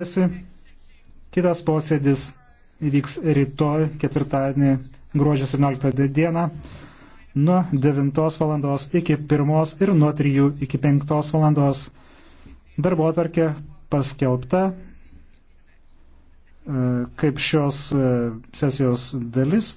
mėnesį. Kitas posėdis įvyks rytoj, ketvirtadienį, gruodžio 17 dieną, nuo 9 val. iki 1 ir nuo 3 iki 5 val. Darbo atvarkė paskelbta e, kaip šios e, sesijos dalis.